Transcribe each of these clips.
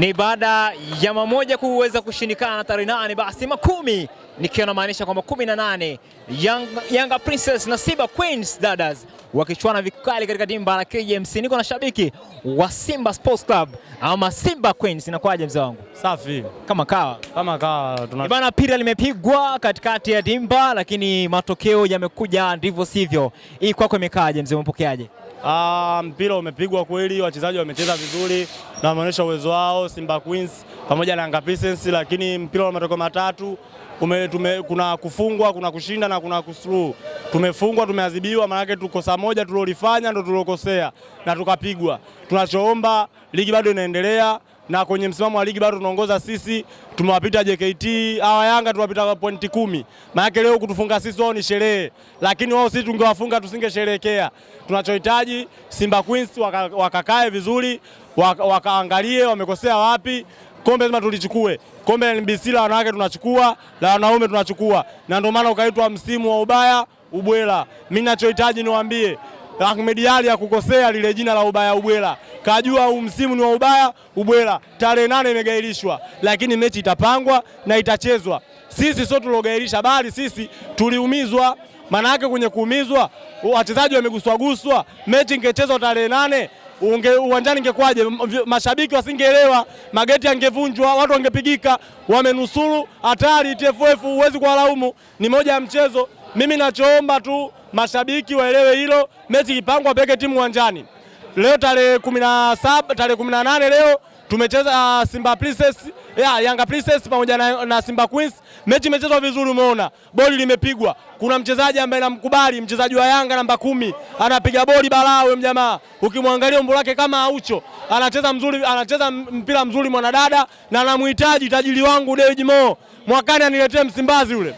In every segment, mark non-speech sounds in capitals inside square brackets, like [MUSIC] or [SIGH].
Ni baada ya mamoja kuweza kushindikana tarehe nane, basi makumi nikiwa namaanisha kwamba kumi na nane Yanga, Yanga Princess na Simba Queens Dadas wakichuana vikali katika dimba la KMC. Niko na shabiki wa Simba Sports Club ama Simba Queens, inakuwaje mzee wangu? Safi kama kawa, kama kawa tuna... pira limepigwa katikati ya dimba, lakini matokeo yamekuja ndivyo sivyo. Hii kwako imekaaje mzee, umepokeaje? Ah, mpira um, umepigwa kweli, wachezaji wamecheza vizuri na wameonyesha uwezo wao Simba Queens pamoja na Yanga Princess, lakini mpira wa matokeo matatu ume, tume, kuna kufungwa, kuna kushinda na kuna kusuru. Tumefungwa, tumeadhibiwa, maanake tukosa moja tulolifanya ndo tulokosea na tukapigwa. Tunachoomba, ligi bado inaendelea na kwenye msimamo wa ligi bado tunaongoza sisi, tumewapita JKT hawa Yanga tumewapita pointi kumi. Maanake leo kutufunga sisi wao ni sherehe, lakini wao sisi tungewafunga tusingesherehekea. Tunachohitaji Simba Queens waka, wakakae vizuri waka, wakaangalie wamekosea wapi. Kombe lazima tulichukue. Kombe la NBC la wanawake tunachukua, la wanaume tunachukua, na ndio maana ukaitwa msimu wa ubaya ubwela. Mimi ninachohitaji niwaambie Ahmed ya kukosea lile jina la ubaya ubwela, kajua huu msimu ni wa ubaya ubwela. Tarehe nane imegairishwa, lakini mechi itapangwa na itachezwa. Sisi sio tuliogairisha, bali sisi tuliumizwa. Maana yake kwenye kuumizwa, wachezaji wameguswaguswa. Mechi ingechezwa tarehe nane unge uwanjani ingekwaje? Mashabiki wasingeelewa, mageti yangevunjwa, watu wangepigika. Wamenusuru hatari TFF, huwezi kuwalaumu, ni moja ya mchezo. Mimi nachoomba tu mashabiki waelewe hilo. Mechi ipangwa peke timu uwanjani. Leo tarehe 17 tarehe 18 leo tumecheza ah, Simba Princess ya Yanga Princess pamoja na, na Simba Queens. Mechi imechezwa vizuri, umeona boli limepigwa. Kuna mchezaji ambaye namkubali, mchezaji wa Yanga namba kumi, anapiga boli balaa. Huyo mjamaa ukimwangalia umbo lake kama aucho, anacheza mzuri, anacheza mpira mzuri mwanadada, na namhitaji tajiri wangu David Mo, mwakani aniletee Msimbazi yule,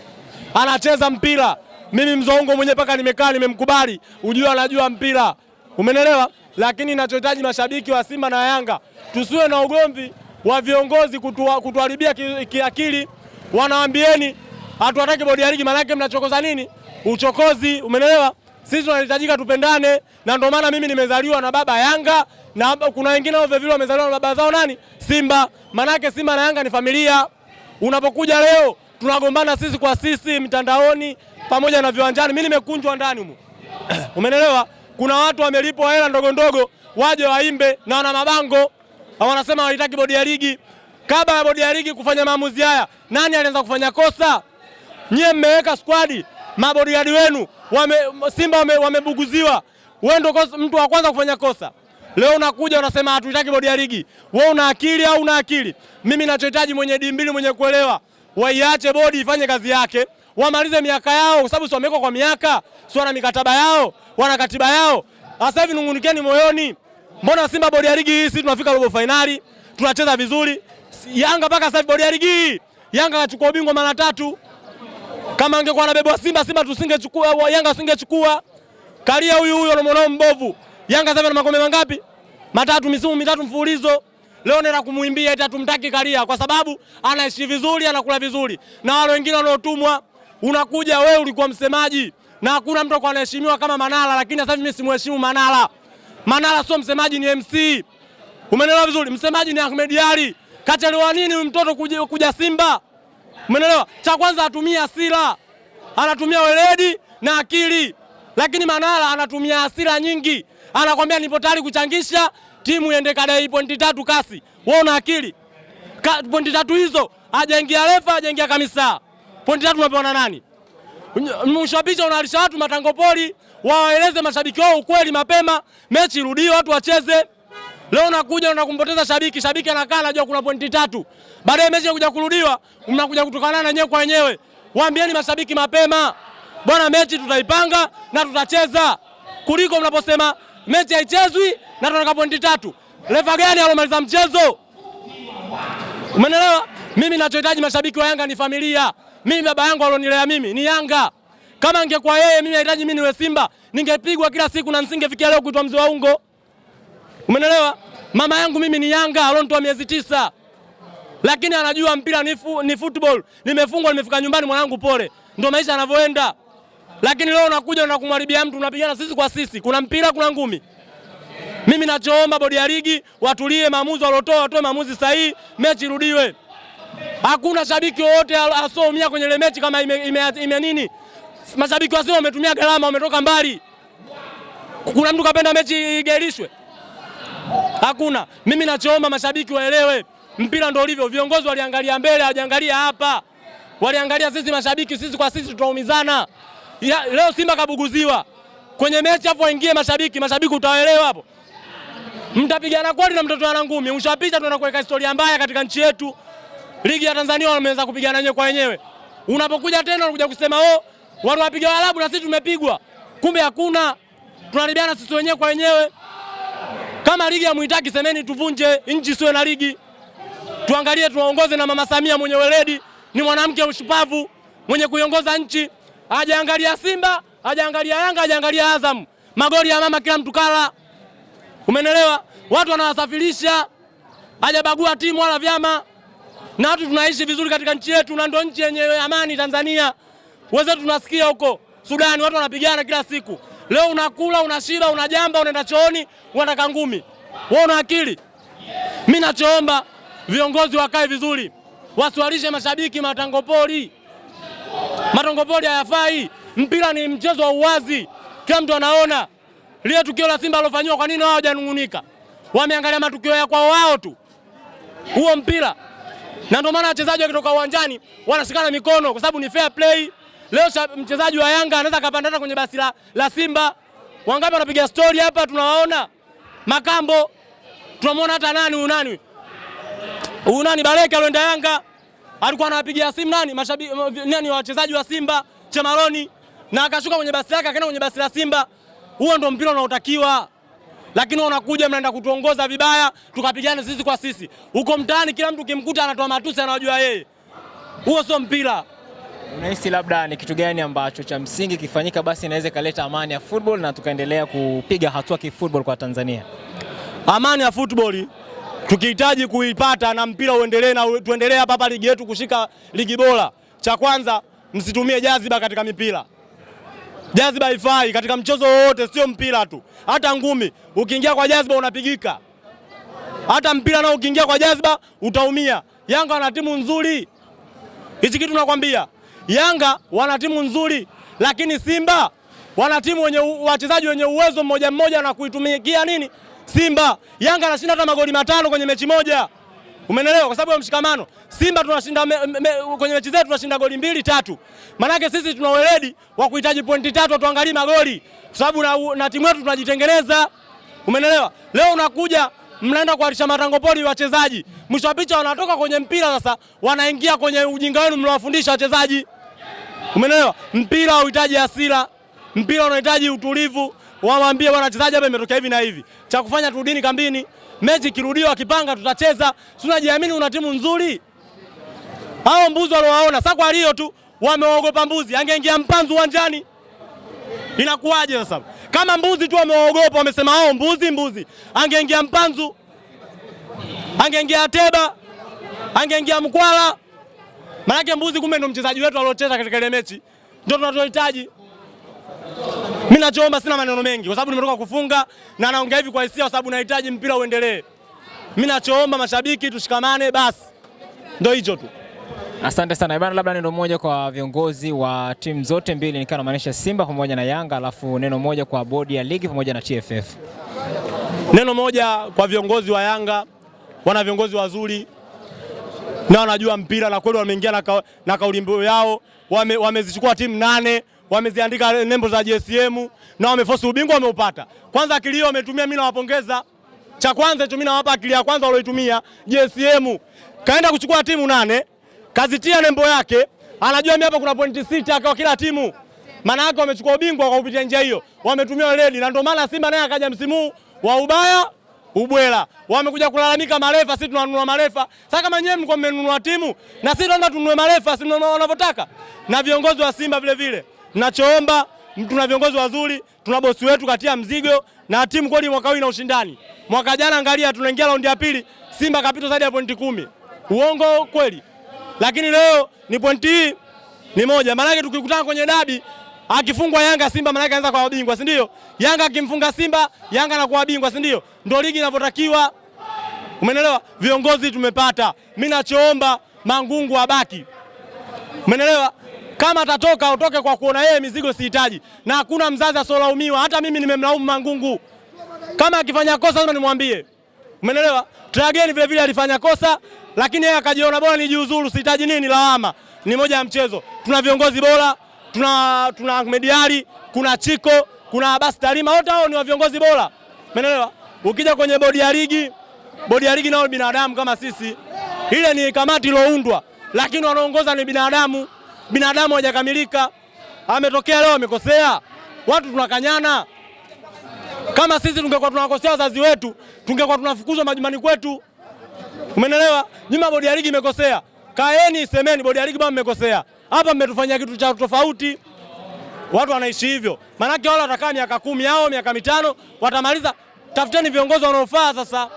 anacheza mpira mimi mzongo mwenyewe paka nimekaa nimemkubali, ujue anajua mpira, umenelewa. Lakini ninachohitaji mashabiki wa Simba na Yanga tusiwe na ugomvi wa viongozi kutuharibia kiakili. Wanawaambieni hatuwataki bodi ya ligi, maanake mnachokoza nini? Uchokozi, umenelewa. Sisi tunahitajika tupendane, na ndio maana mimi nimezaliwa na baba Yanga na kuna wengine wao vile wamezaliwa na baba zao nani, Simba. Maanake Simba na Yanga ni familia. Unapokuja leo tunagombana sisi kwa sisi, mtandaoni pamoja na viwanjani. Mimi nimekunjwa ndani humo, [CLEARS THROAT] umeelewa? Kuna watu wamelipwa hela ndogo ndogo waje waimbe na wana mabango na wanasema hawataki bodi ya ligi. Kabla ya bodi ya ligi kufanya maamuzi haya, nani alianza kufanya kosa? Nyie mmeweka squad, mabodiadi wenu wame, Simba wamebuguziwa, wame wewe ndio mtu wa kwanza kufanya kosa. Leo unakuja unasema hatuitaki bodi ya ligi. Wewe una akili au una akili? Mimi ninachohitaji mwenye dimbili, mwenye kuelewa waiache bodi ifanye kazi yake, wamalize miaka yao, kwa sababu si wamewekwa kwa miaka, si wana mikataba yao, wana katiba yao. Sasa hivi nungunikeni moyoni, mbona Simba bodi ya ligi hii sisi tunafika robo fainali tunacheza vizuri, Yanga mpaka sasa hivi bodi ya ligi hii Yanga kachukua ubingwa mara tatu. Kama angekuwa anabebwa Simba, Simba tusingechukua, Yanga singechukua. Kalia huyu huyu anamwonao mbovu. Yanga sasa hivi na makombe mangapi? Matatu, misimu mitatu mfululizo. Leo nenda kumwimbia eti hatumtaki Karia kwa sababu anaishi vizuri, anakula vizuri, na wale wengine wanaotumwa, unakuja wewe ulikuwa msemaji na hakuna mtu anaheshimiwa kama Manara, lakini sasa mimi simheshimu Manara. Manara sio msemaji, ni MC. Umeelewa vizuri? Msemaji ni Ahmed Ally. Kachelewa nini huyu mtoto kuja, kuja Simba? Umeelewa? Cha kwanza atumia hasira, anatumia weledi na akili, lakini Manara anatumia asira nyingi, anakwambia nipo tayari kuchangisha timu iende kadai pointi tatu kasi. Wewe una akili Ka, pointi tatu hizo hajaingia refa, hajaingia kamisa. Pointi tatu unapewa na nani? Mshabiki picha unaalisha watu matangopoli, waeleze mashabiki wao ukweli mapema, mechi irudie, watu wacheze. Leo nakuja na kumpoteza shabiki, shabiki anakaa anajua kuna pointi tatu. Baadaye mechi inakuja kurudiwa, mnakuja kutokana na nyewe kwa wenyewe. Waambieni mashabiki mapema, bwana, mechi tutaipanga na tutacheza kuliko mnaposema mechi haichezwi na tunataka pointi tatu. Refa gani alomaliza mchezo? Umeelewa? Mimi ninachohitaji mashabiki wa Yanga ni familia. Mimi baba yangu alonilea mimi ni Yanga. Kama ingekuwa yeye, mimi nahitaji mimi niwe Simba, ningepigwa kila siku na nisingefikia leo kuitwa mzee wa ungo. Umeelewa? Mama yangu mimi ni Yanga, alonitoa miezi tisa, lakini anajua mpira ni, fu, ni football. Nimefungwa, nimefika nyumbani, mwanangu pole. Ndio maisha yanavyoenda lakini leo unakuja unakumharibia mtu, unapigana sisi kwa sisi, kuna mpira, kuna ngumi. Mimi nachoomba bodi ya ligi watulie, maamuzi waliotoa watoe maamuzi sahihi, mechi irudiwe. Hakuna shabiki wowote asoumia kwenye ile mechi kama ime, ime, ime nini. Mashabiki wasio wametumia gharama, wametoka mbali. Kuna mtu kapenda mechi igairishwe? Hakuna. Mimi nachoomba mashabiki waelewe mpira ndio ulivyo. Viongozi waliangalia mbele, hawajaangalia hapa, waliangalia sisi mashabiki, sisi kwa sisi tutaumizana ya, leo Simba kabuguziwa kwenye mechi, afu waingie mashabiki. Mashabiki utaelewa hapo, mtapigana kweli na mtoto wa ngumi. Ushapita, tunaenda kuweka historia mbaya katika nchi yetu. Ligi ya Tanzania wameanza kupigana wenyewe kwa wenyewe, unapokuja tena unakuja kusema oh, watu wapiga Waarabu na sisi tumepigwa, kumbe hakuna, tunaribiana sisi wenyewe kwa wenyewe. Kama ligi ya muhitaki, semeni tuvunje nchi, siwe na ligi, tuangalie tuwaongoze, na Mama Samia mwenye weledi, ni mwanamke mshupavu mwenye kuiongoza nchi hajaangalia Simba, hajaangalia Yanga, hajaangalia Azam. Magoli ya mama kila mtu kala, umenelewa? Watu wanawasafirisha, hajabagua timu wala vyama, na watu tunaishi vizuri katika nchi yetu, na ndio nchi yenye amani Tanzania. Wewe tunasikia huko Sudani watu wanapigana kila siku, leo unakula unashiba, unajamba, unaenda chooni, unataka ngumi. Wewe una akili? Mimi nachoomba viongozi wakae vizuri, wasiwalishe mashabiki matangopoli. Matongopoli hayafai. Mpira ni mchezo wa uwazi, kila mtu anaona. Lile tukio la Simba alofanywa, kwa nini wao hawajanungunika? Wameangalia matukio ya kwao wao tu, huo mpira. Na ndio maana wachezaji wakitoka uwanjani wanashikana mikono, kwa sababu ni fair play. Leo mchezaji wa Yanga anaweza kapandana kwenye basi la, la Simba. Wangapi wanapiga story hapa, tunawaona Makambo, tunamwona hata nani unani unani Baleka alienda Yanga alikuwa anawapigia simu nani mashabiki nani wachezaji wa Simba Chemaroni, na akashuka kwenye basi lake akaenda kwenye basi la Simba. Huo ndio mpira unaotakiwa, lakini unakuja mnaenda kutuongoza vibaya, tukapigana sisi kwa sisi huko mtaani, kila mtu kimkuta anatoa matusi, anajua yeye huo sio mpira. Unahisi labda ni kitu gani ambacho cha msingi kifanyika basi inaweza ikaleta amani ya football na tukaendelea kupiga hatua kifootball kwa Tanzania? Amani ya football tukihitaji kuipata na mpira uendelee na tuendelee hapa hapa ligi yetu kushika ligi bora. Cha kwanza msitumie jaziba katika mipira. Jaziba haifai katika mchezo wowote, sio mpira tu, hata ngumi. Ukiingia kwa jaziba unapigika, hata mpira nao ukiingia kwa jaziba utaumia. Yanga wana timu nzuri, hichi kitu nakwambia. Yanga wana timu nzuri, lakini Simba wana timu wenye wachezaji wenye uwezo mmoja mmoja na kuitumikia nini Simba Yanga anashinda hata magoli matano kwenye mechi moja, umenelewa? Kwa sababu ya mshikamano. Simba tunashinda me, me, kwenye mechi zetu tunashinda goli mbili tatu, maanake sisi tuna weledi wa kuhitaji pointi tatu, tuangalie magoli kwa sababu na, na timu yetu tunajitengeneza, umenelewa? Leo unakuja mnaenda kuarisha matangopoli wachezaji, mwisho wa picha wanatoka kwenye mpira sasa, wanaingia kwenye ujinga wenu mliowafundisha wachezaji, umenelewa? Mpira unahitaji hasira, mpira unahitaji utulivu wawaambie bwana wachezaji, hapa imetokea hivi na hivi, cha kufanya turudini kambini, mechi kirudiwa akipanga tutacheza. Si unajiamini, una timu nzuri. Hao mbuzi waliowaona sasa kwa Rio tu wameogopa mbuzi, angeingia mpanzu uwanjani inakuwaje sasa? Kama mbuzi tu wameogopa, wamesema hao oh, mbuzi mbuzi, angeingia mpanzu, angeingia teba, angeingia Mkwala. Maanake mbuzi kumbe ndo mchezaji wetu aliocheza katika ile mechi, ndio tunachohitaji. Mimi nachoomba sina maneno mengi kwa sababu nimetoka kufunga na naongea hivi kwa hisia kwa sababu nahitaji mpira uendelee. Mimi nachoomba mashabiki tushikamane basi. Ndio hicho tu. Asante sana bana, labda neno moja kwa viongozi wa timu zote mbili, nikiwa namaanisha Simba pamoja na Yanga, alafu neno moja kwa bodi ya ligi pamoja na TFF. Neno moja kwa viongozi wa Yanga, wana viongozi wazuri na wanajua mpira na kweli wameingia na, ka, na kauli mbiu yao, wamezichukua wame timu nane wameziandika nembo za JSM na wamefosi ubingwa wameupata. Kwanza akili hiyo wametumia, mimi nawapongeza. Cha kwanza hicho mimi nawapa akili ya kwanza walioitumia JSM. Kaenda kuchukua timu nane, kazitia nembo yake, anajua mimi hapa kuna pointi sita kwa kila timu. Maana yake wamechukua ubingwa kwa kupitia njia hiyo. Wametumia reli na ndio maana Simba naye akaja msimu wa ubaya ubwela. Wamekuja kulalamika marefa, sisi tunanunua marefa. Sasa kama nyewe mko mmenunua timu na sisi tunataka tununue marefa, si mnaona wanavyotaka. Na viongozi wa Simba vile vile. Tunachoomba, tuna viongozi wazuri, tuna bosi wetu katia mzigo na timu kweli mwaka huu ina ushindani. Mwaka jana angalia, tunaingia raundi ya pili, Simba kapita zaidi ya pointi kumi. Uongo kweli? Lakini leo ni pointi hii ni moja, maanake tukikutana kwenye dabi akifungwa Yanga Simba maanake anaanza kwa bingwa, si ndio? Yanga akimfunga Simba Yanga anakuwa bingwa, si ndio? Ndio ligi inavyotakiwa, umeelewa? Viongozi tumepata, mimi nachoomba Mangungu abaki, umeelewa? Kama atatoka utoke kwa kuona yeye mizigo sihitaji, na hakuna mzazi asolaumiwa. Hata mimi nimemlaumu Mangungu. Kama akifanya kosa lazima nimwambie, umeelewa? Tragedy vile vile alifanya kosa, lakini yeye akajiona bora nijiuzuru, sihitaji nini lawama. Ni moja ya mchezo. Tuna viongozi bora, tuna tuna Ahmed kuna Chiko, kuna basi Tarima, wote hao ni wa viongozi bora, umeelewa? Ukija kwenye bodi ya ligi, bodi ya ligi nao binadamu kama sisi, ile ni kamati iloundwa, lakini wanaongoza ni binadamu binadamu hajakamilika. Ametokea leo amekosea, watu tunakanyana. Kama sisi tungekuwa tunakosea wazazi wetu, tungekuwa tunafukuzwa majumbani kwetu. Umenelewa? Nyuma bodi ya ligi imekosea, kaeni semeni, bodi ya ligi bado mmekosea hapa, mmetufanyia kitu cha tofauti. Watu wanaishi hivyo, maanake wale watakaa miaka kumi au miaka mitano watamaliza. Tafuteni viongozi wanaofaa sasa.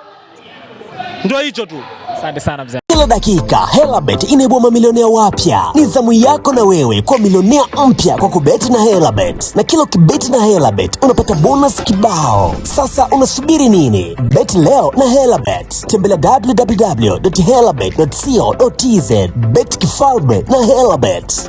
Ndio hicho tu. Asante sana mzee. Kila dakika Helabet inaibua mamilionea wapya. Ni zamu yako na wewe kuwa milionea mpya kwa kubeti na Helabet, na kila ukibeti na Helabet unapata bonus kibao. Sasa unasubiri nini? Beti leo na Helabet. Tembelea www.helabet.co.tz. Bet kifalme na Helabet.